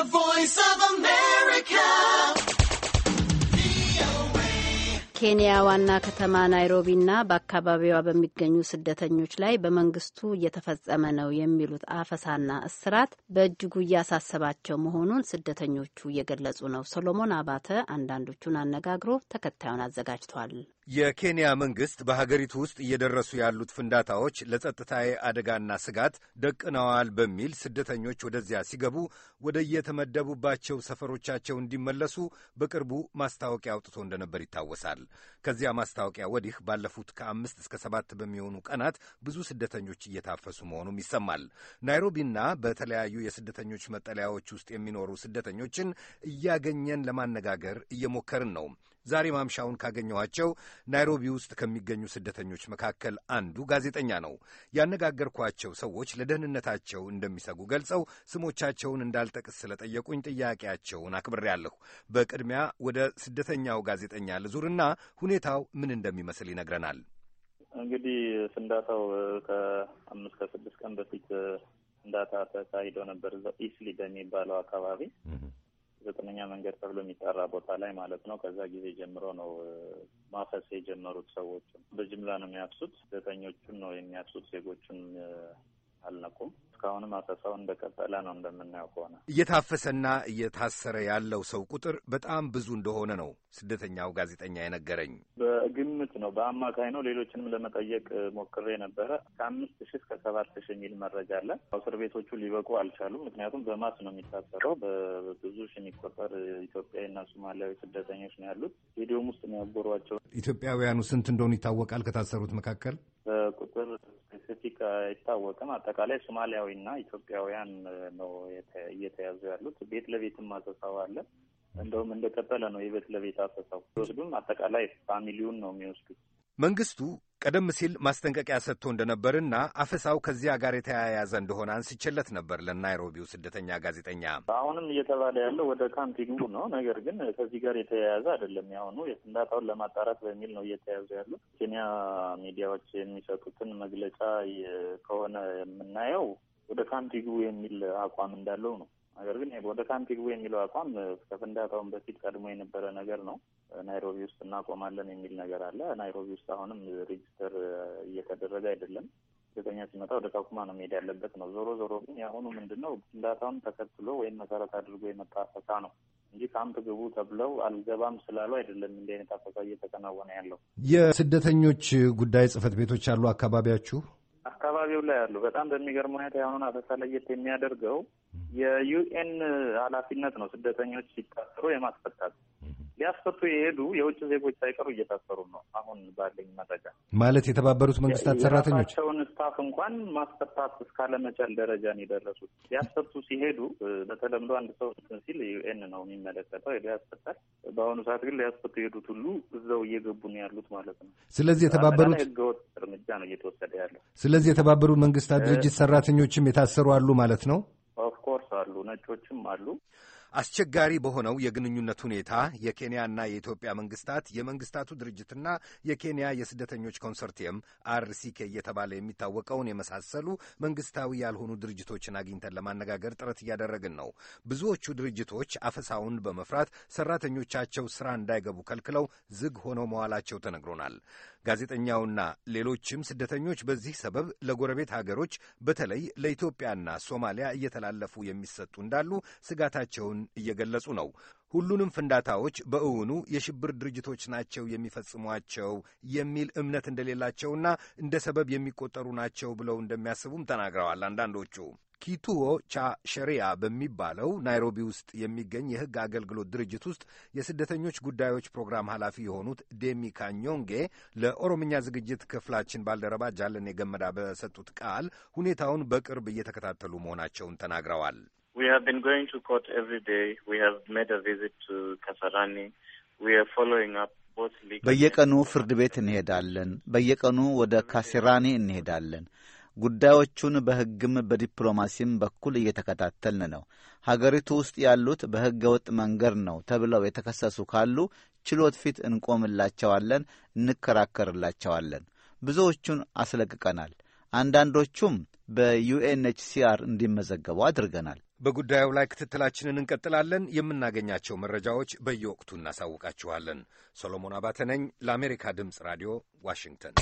The voice of America. ኬንያ ዋና ከተማ ናይሮቢና በአካባቢዋ በሚገኙ ስደተኞች ላይ በመንግስቱ እየተፈጸመ ነው የሚሉት አፈሳና እስራት በእጅጉ እያሳሰባቸው መሆኑን ስደተኞቹ እየገለጹ ነው። ሶሎሞን አባተ አንዳንዶቹን አነጋግሮ ተከታዩን አዘጋጅቷል። የኬንያ መንግሥት በሀገሪቱ ውስጥ እየደረሱ ያሉት ፍንዳታዎች ለጸጥታዊ አደጋና ስጋት ደቅነዋል በሚል ስደተኞች ወደዚያ ሲገቡ ወደ የተመደቡባቸው ሰፈሮቻቸው እንዲመለሱ በቅርቡ ማስታወቂያ አውጥቶ እንደነበር ይታወሳል። ከዚያ ማስታወቂያ ወዲህ ባለፉት ከአምስት እስከ ሰባት በሚሆኑ ቀናት ብዙ ስደተኞች እየታፈሱ መሆኑም ይሰማል። ናይሮቢና በተለያዩ የስደተኞች መጠለያዎች ውስጥ የሚኖሩ ስደተኞችን እያገኘን ለማነጋገር እየሞከርን ነው። ዛሬ ማምሻውን ካገኘኋቸው ናይሮቢ ውስጥ ከሚገኙ ስደተኞች መካከል አንዱ ጋዜጠኛ ነው። ያነጋገርኳቸው ሰዎች ለደህንነታቸው እንደሚሰጉ ገልጸው ስሞቻቸውን እንዳልጠቅስ ስለጠየቁኝ ጥያቄያቸውን አክብሬያለሁ። በቅድሚያ ወደ ስደተኛው ጋዜጠኛ ልዙርና ሁኔታው ምን እንደሚመስል ይነግረናል። እንግዲህ ፍንዳታው ከአምስት ከስድስት ቀን በፊት ፍንዳታ ተካሂዶ ነበር። ኢስሊ በሚባለው አካባቢ ዘጠነኛ መንገድ ተብሎ የሚጠራ ቦታ ላይ ማለት ነው። ከዛ ጊዜ ጀምሮ ነው ማፈስ የጀመሩት ሰዎች በጅምላ ነው የሚያፍሱት። ዘጠኞቹን ነው የሚያፍሱት፣ ዜጎቹን አልነቁም። እስካሁንም አሰሳው እንደቀጠለ ነው። እንደምናየው ከሆነ እየታፈሰና እየታሰረ ያለው ሰው ቁጥር በጣም ብዙ እንደሆነ ነው ስደተኛው ጋዜጠኛ የነገረኝ። በግምት ነው፣ በአማካይ ነው። ሌሎችንም ለመጠየቅ ሞክሬ ነበረ። ከአምስት ሺህ እስከ ሰባት ሺህ የሚል መረጃ አለ። እስር ቤቶቹ ሊበቁ አልቻሉም። ምክንያቱም በማስ ነው የሚታሰረው። በብዙ ሺህ የሚቆጠር ኢትዮጵያዊና ሶማሊያዊ ስደተኞች ነው ያሉት። ቪዲዮም ውስጥ ነው ያጎሯቸው። ኢትዮጵያውያኑ ስንት እንደሆኑ ይታወቃል። ከታሰሩት መካከል በቁጥር ረቂቅ አይታወቅም። አጠቃላይ ሶማሊያዊና ኢትዮጵያውያን ነው እየተያዙ ያሉት። ቤት ለቤትም አሰሳው አለ። እንደውም እንደቀጠለ ነው የቤት ለቤት አሰሳው። ሲወስዱም አጠቃላይ ፋሚሊውን ነው የሚወስዱት። መንግስቱ ቀደም ሲል ማስጠንቀቂያ ሰጥቶ እንደነበርና አፈሳው ከዚያ ጋር የተያያዘ እንደሆነ አንስቼለት ነበር ለናይሮቢው ስደተኛ ጋዜጠኛ። አሁንም እየተባለ ያለው ወደ ካምፒንጉ ነው። ነገር ግን ከዚህ ጋር የተያያዘ አይደለም። ያሁኑ የፍንዳታውን ለማጣራት በሚል ነው እየተያዙ ያሉት። ኬንያ ሚዲያዎች የሚሰጡትን መግለጫ ከሆነ የምናየው ወደ ካምፒንጉ የሚል አቋም እንዳለው ነው። ነገር ግን ወደ ካምፕ ግቡ የሚለው አቋም ከፍንዳታውን በፊት ቀድሞ የነበረ ነገር ነው። ናይሮቢ ውስጥ እናቆማለን የሚል ነገር አለ። ናይሮቢ ውስጥ አሁንም ሬጅስተር እየተደረገ አይደለም። ስደተኛ ሲመጣ ወደ ካኩማ ነው መሄድ ያለበት ነው። ዞሮ ዞሮ ግን የአሁኑ ምንድን ነው ፍንዳታውን ተከትሎ ወይም መሰረት አድርጎ የመጣ አፈሳ ነው እንጂ ካምፕ ግቡ ተብለው አልገባም ስላሉ አይደለም እንዲህ አይነት አፈሳ እየተከናወነ ያለው። የስደተኞች ጉዳይ ጽፈት ቤቶች አሉ አካባቢያችሁ አካባቢው ላይ አሉ። በጣም በሚገርም ሁኔታ የአሁኑን አፈሳ ለየት የሚያደርገው የዩኤን uh, ኃላፊነት ነው ስደተኞች ሲታሰሩ የማስፈታት ሊያስፈቱ የሄዱ የውጭ ዜጎች ሳይቀሩ እየታሰሩ ነው። አሁን ባለኝ መረጃ ማለት የተባበሩት መንግስታት ሰራተኞች ቸውን ስታፍ እንኳን ማስፈታት እስካለመቻል ደረጃ ነው የደረሱት። ሊያስፈቱ ሲሄዱ uh, በተለምዶ አንድ ሰው እንትን ሲል ዩኤን ነው የሚመለከተው ሄዶ ያስፈታል። በአሁኑ ሰዓት ግን ሊያስፈቱ የሄዱት ሁሉ እዛው እየገቡ ነው ያሉት ማለት ነው። ስለዚህ የተባበሩት ህገወጥ እርምጃ ነው እየተወሰደ ያለው። ስለዚህ የተባበሩት መንግስታት ድርጅት ሰራተኞችም የታሰሩ አሉ ማለት ነው። ነጮችም አሉ። አስቸጋሪ በሆነው የግንኙነት ሁኔታ የኬንያና የኢትዮጵያ መንግስታት የመንግስታቱ ድርጅትና የኬንያ የስደተኞች ኮንሶርቲየም አርሲኬ እየተባለ የሚታወቀውን የመሳሰሉ መንግስታዊ ያልሆኑ ድርጅቶችን አግኝተን ለማነጋገር ጥረት እያደረግን ነው። ብዙዎቹ ድርጅቶች አፈሳውን በመፍራት ሰራተኞቻቸው ስራ እንዳይገቡ ከልክለው ዝግ ሆነው መዋላቸው ተነግሮናል። ጋዜጠኛውና ሌሎችም ስደተኞች በዚህ ሰበብ ለጎረቤት ሀገሮች በተለይ ለኢትዮጵያና ሶማሊያ እየተላለፉ የሚሰጡ እንዳሉ ስጋታቸውን እየገለጹ ነው። ሁሉንም ፍንዳታዎች በእውኑ የሽብር ድርጅቶች ናቸው የሚፈጽሟቸው የሚል እምነት እንደሌላቸውና እንደ ሰበብ የሚቆጠሩ ናቸው ብለው እንደሚያስቡም ተናግረዋል። አንዳንዶቹ ኪቱዎ ቻ ሸሪያ በሚባለው ናይሮቢ ውስጥ የሚገኝ የሕግ አገልግሎት ድርጅት ውስጥ የስደተኞች ጉዳዮች ፕሮግራም ኃላፊ የሆኑት ዴሚ ካኞንጌ ለኦሮምኛ ዝግጅት ክፍላችን ባልደረባ ጃለኔ ገመዳ በሰጡት ቃል ሁኔታውን በቅርብ እየተከታተሉ መሆናቸውን ተናግረዋል። We have been going to court every day. We have made a visit to Kasarani. We are following up በየቀኑ ፍርድ ቤት እንሄዳለን። በየቀኑ ወደ ካሴራኒ እንሄዳለን። ጉዳዮቹን በሕግም በዲፕሎማሲም በኩል እየተከታተልን ነው። ሀገሪቱ ውስጥ ያሉት በሕገ ወጥ መንገድ ነው ተብለው የተከሰሱ ካሉ ችሎት ፊት እንቆምላቸዋለን፣ እንከራከርላቸዋለን። ብዙዎቹን አስለቅቀናል። አንዳንዶቹም በዩኤንኤችሲአር እንዲመዘገቡ አድርገናል። በጉዳዩ ላይ ክትትላችንን እንቀጥላለን። የምናገኛቸው መረጃዎች በየወቅቱ እናሳውቃችኋለን። ሰሎሞን አባተ ነኝ ለአሜሪካ ድምፅ ራዲዮ ዋሽንግተን።